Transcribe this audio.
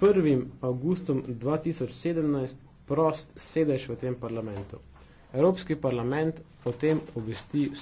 1. augustom 2017 prost sedež v tem parlamentu. Evropski parlament o tem obvesti vse.